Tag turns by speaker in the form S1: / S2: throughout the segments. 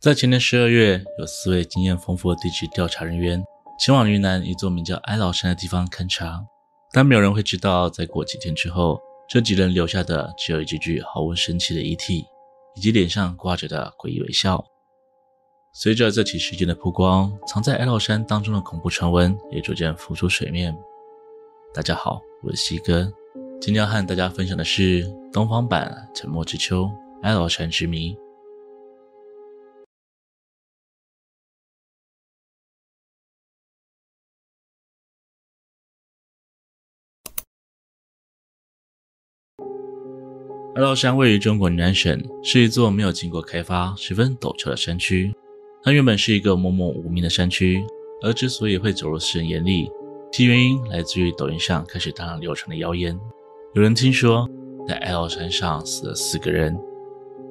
S1: 在前年十二月，有四位經驗豐富的地質調查人員前往雲南一座名叫哀牢山的地方勘察，但沒有人會知道，再過幾天之後，這幾人留下的只有一具毫無生氣的遺體，以及臉上掛着的詭異微笑。隨着這起事件的曝光，藏在哀牢山當中的恐怖傳聞也逐漸浮出水面。大家好，我是西哥，今天要和大家分享的是東方版《沉默之秋》——哀牢山之謎。哀牢山位於中國雲南省，是一座沒有經過開發、十分陡峭的山區。它原本是一個默默無名的山區，而之所以會走入世人眼裡，其原因來自於抖音上開始大量流傳的謠言。有人聽說，在哀牢山上死了四個人，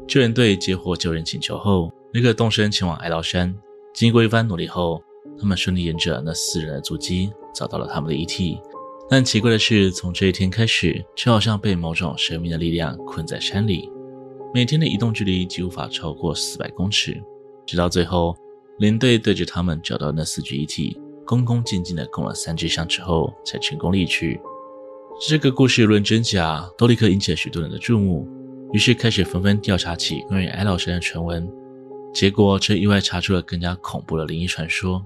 S1: 救援隊接獲救人請求後，立刻動身前往哀牢山。經過一番努力後，他們順利沿着那四人的足跡，找到了他們的遺體。但奇怪的是，從這一天開始，就好像被某種神秘的力量困在山裡，每天的移動距離幾乎無法超過四百公尺。直到最後，連隊對着他們找到那四具遺體，恭恭敬敬地供了三炷香之後，才成功離去。這個故事論真假，都立刻引起了許多人的注目，於是開始紛紛調查起關於哀牢山的傳聞。結果卻意外查出了更加恐怖的靈異傳說。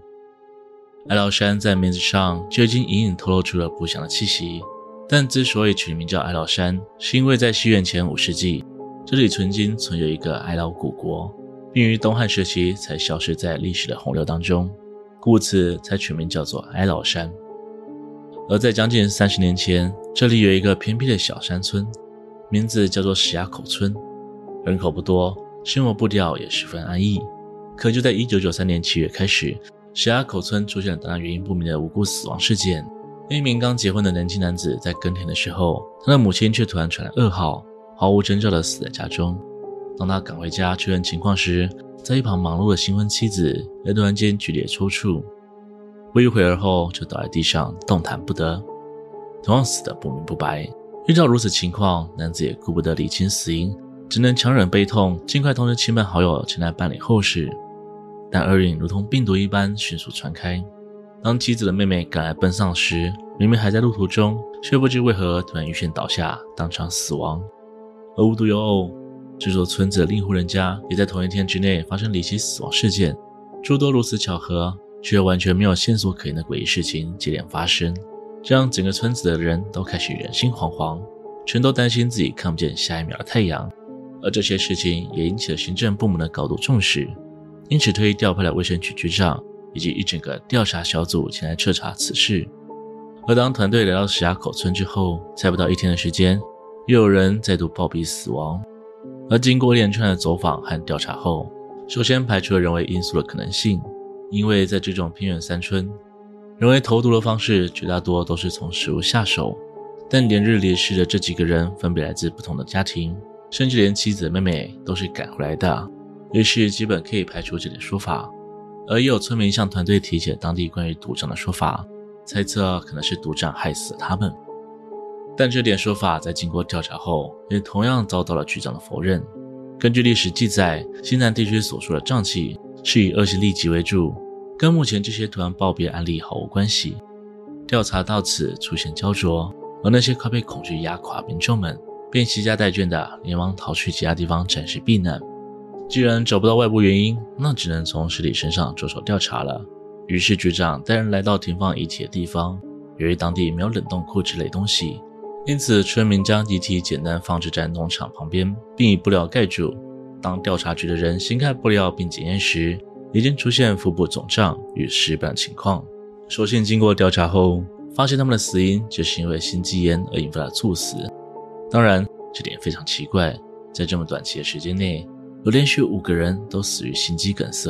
S1: 哀牢山在名字上就已經隱隱透露出了不祥的氣息，但之所以取名叫哀牢山，是因為在西元前五世紀，這裡曾經存有一個哀牢古國，並於東漢時期才消失在歷史的洪流當中，故此才取名叫做哀牢山。而在將近三十年前，這裡有一個偏僻的小山村，名字叫做石崖口村，人口不多，生活步調也十分安逸。可就在一九九三年七月開始。石崖口村出現了大量原因不明的無故死亡事件。一名剛結婚的年輕男子在耕田的時候，他的母親卻突然傳來噩耗，毫無徵兆地死在家中。當他趕回家確認情況時，在一旁忙碌的新婚妻子也突然間劇烈抽搐，不一會兒後就倒在地上動彈不得，同樣死得不明不白。遇到如此情況，男子也顧不得理清死因，只能強忍悲痛，盡快通知親朋好友前來辦理後事。但厄運如同病毒一般迅速傳開。當妻子的妹妹趕來奔喪時，明明還在路途中，卻不知為何突然暈眩倒下，當場死亡。而無獨有偶，這座村子的另一戶人家也在同一天之內發生離奇死亡事件。諸多如此巧合，卻又完全沒有線索可言的詭異事情接連發生，這讓整個村子的人都開始人心惶惶，全都擔心自己看不見下一秒的太陽。而這些事情也引起了行政部門的高度重視。因此，特意調派了衛生局局長以及一整個調查小組前來徹查此事。而當團隊來到石崖口村之後，才不到一天的時間，又有人再度暴斃死亡。而經過一連串的走訪和調查後，首先排除了人為因素的可能性，因為在這種偏遠山村，人為投毒的方式絕大多數都是從食物下手。但連日離世的這幾個人分別來自不同的家庭，甚至連妻子、妹妹都是趕回來的。於是，基本可以排除這點說法。而也有村民向團隊提起當地關於毒瘴的說法，猜測可能是毒瘴害死了他們。但這點說法在經過調查後，也同樣遭到了局長的否認。根據歷史記載，西南地區所說的瘴氣是以惡性痢疾為主，跟目前這些突然暴斃案例毫無關係。調查到此出現焦灼，而那些快被恐懼壓垮民眾們，便攜家帶眷的連忙逃去其他地方暫時避難。既然找不到外部原因，那只能從屍體身上着手調查了。於是局長帶人來到停放遺體的地方。由於當地沒有冷凍庫之類東西，因此村民將遺體簡單放置在農場旁邊，並以布料蓋住。當調查局的人掀開布料並檢驗時，已經出現腹部腫脹與屍斑情況。所幸經過調查後，發現他們的死因就是因為心肌炎而引發的猝死。當然，這點非常奇怪，在這麼短期的時間內。有連續五個人都死於心肌梗塞，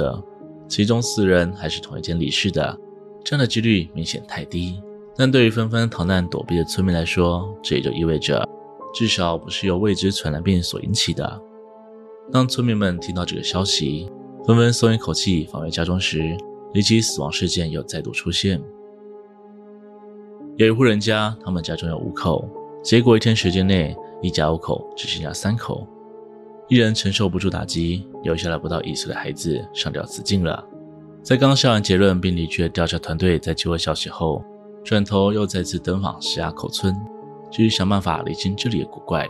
S1: 其中四人還是同一天離世的，這樣的幾率明顯太低。但對於紛紛逃難躲避的村民來說，這也就意味着，至少不是由未知傳染病所引起的。當村民們聽到這個消息，紛紛鬆一口氣返回家中時，離奇死亡事件又再度出現。有一戶人家，他們家中有五口，結果一天時間內，一家五口只剩下三口。一人承受不住打擊，留下了不到一歲的孩子，上吊自盡了。在剛下完結論並離去的調查團隊，在接獲消息後，轉頭又再次登訪石崖口村，繼續想辦法理清這裡的古怪。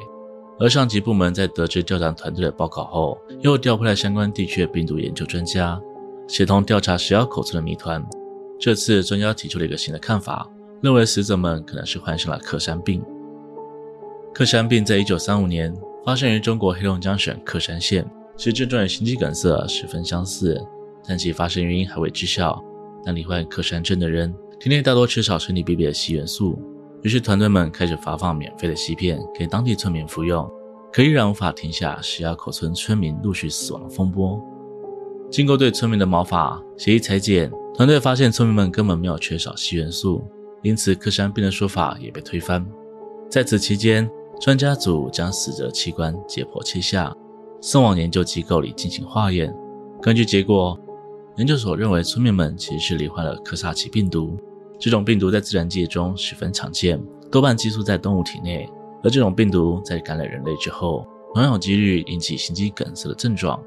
S1: 而上級部門在得知調查團隊的報告後，又調派了相關地區的病毒研究專家，協同調查石崖口村的謎團。這次，專家提出了一個新的看法，認為死者們可能是患上了克山病。克山病在一九三五年。發生於中國黑龍江省克山縣，其症狀與心肌梗塞十分相似，但其發生原因還未知曉。但罹患克山症的人體內大多缺少身體必備的硒元素，於是團隊們開始發放免費的硒片給當地村民服用，可依然無法停下石牙口村村民陸續死亡的風波。經過對村民的毛髮、血液裁剪，團隊發現村民們根本沒有缺少硒元素，因此克山病的說法也被推翻。在此期間，專家組將死者的器官解剖切下，送往研究機構裡進行化驗。根據結果，研究所認為村民們其實是罹患了科薩奇病毒。這種病毒在自然界中十分常見，多半寄宿在動物體內，而這種病毒在感染人類之後，很有幾率引起心肌梗塞的症狀。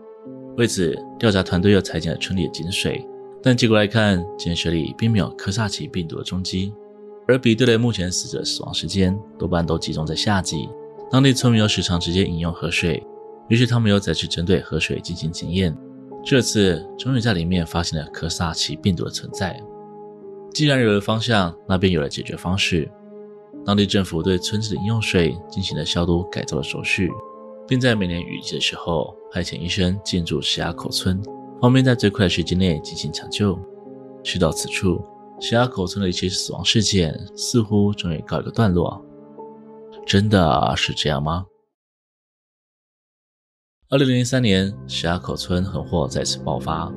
S1: 為此，調查團隊又採檢了村裡的井水，但結果來看，井水裡並沒有科薩奇病毒的蹤跡。而比對的目前死者死亡時間，多半都集中在夏季。當地村民又時常直接飲用河水，於是他們又再次針對河水進行檢驗。這次終於在裡面發現了柯薩奇病毒的存在。既然有了方向，那便有了解決方式。當地政府對村子的飲用水進行了消毒改造的手續，並在每年雨季的時候派遣醫生進駐石崖口村，方便在最快的時間內進行搶救。去到此處。石埡口村的一起死亡事件似乎終於告一個段落，真的是這樣嗎？二零零三年，石埡口村橫禍再次爆發，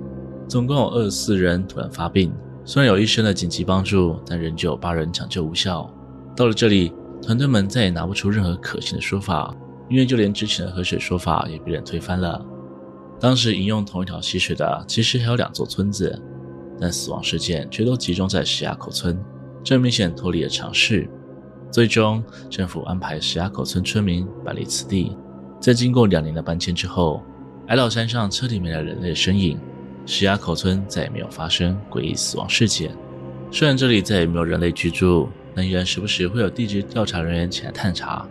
S1: 總共有二十四人突然發病。雖然有醫生的緊急幫助，但仍舊有八人搶救無效。到了這裡，團隊們再也拿不出任何可信的說法，因為就連之前的河水說法也被人推翻了。當時飲用同一條溪水的，其實還有兩座村子。但死亡事件卻都集中在石崖口村，這明顯脫離了常識。最終，政府安排石崖口村村民搬離此地。在經過兩年的搬遷之後，哀牢山上徹底沒了人類的身影，石崖口村再也沒有發生詭異死亡事件。雖然這裡再也沒有人類居住，但依然時不時會有地質調查人員前來探查。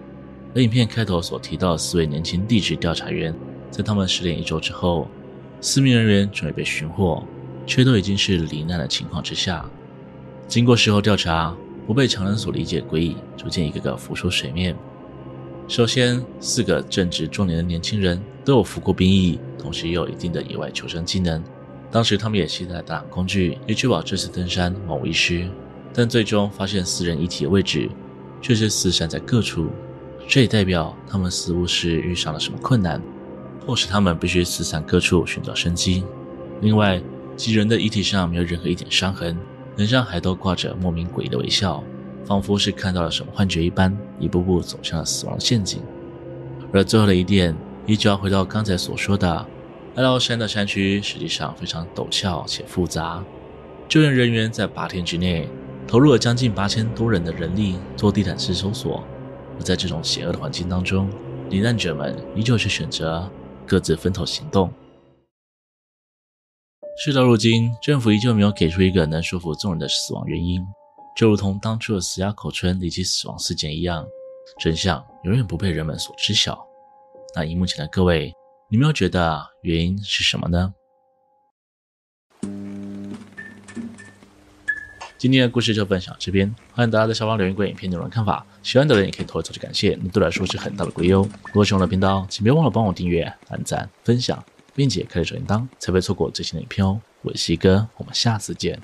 S1: 而影片開頭所提到的四位年輕地質調查員，在他們失聯一周之後，四名人員終於被尋獲。卻都已經是罹難的情況之下。經過事後調查，不被常人所理解的詭異逐漸一個個浮出水面。首先，四個正值壯年的年輕人都有服過兵役，同時也有一定的野外求生技能。當時他們也攜帶了大量工具，以確保這次登山萬無一失。但最終發現四人遺體的位置卻是四散在各處，這也代表他們似乎是遇上了什麼困難，迫使他們必須四散各處尋找生機。另外，幾人的遺體上沒有任何一點傷痕，臉上還都掛着莫名詭異的微笑，仿佛是看到了什麼幻覺一般，一步步走向了死亡陷阱。而最後的一點，依舊要回到剛才所說的，哀牢山的山區實際上非常陡峭且複雜，救援人員在八天之內投入了將近八千多人的人力做地毯式搜索。而在這種邪惡的環境當中，罹難者們依舊是選擇各自分頭行動。事到如今，政府依舊沒有給出一個能說服眾人的死亡原因，就如同當初的死鴨口村離奇死亡事件一樣，真相永遠不被人們所知曉。那熒幕前的各位，你們又覺得原因是什麼呢？今天的故事就分享到這邊，歡迎大家在下方留言關於影片內容的看法，喜歡的人也可以投一投去感謝，那對我來說是很大的鼓勵哦。如果喜歡我的頻道，請別忘了幫我訂閱、按讚、分享。並且開啟小鈴鐺，才不會錯過最新的影片哦。我是希哥，我們下次見。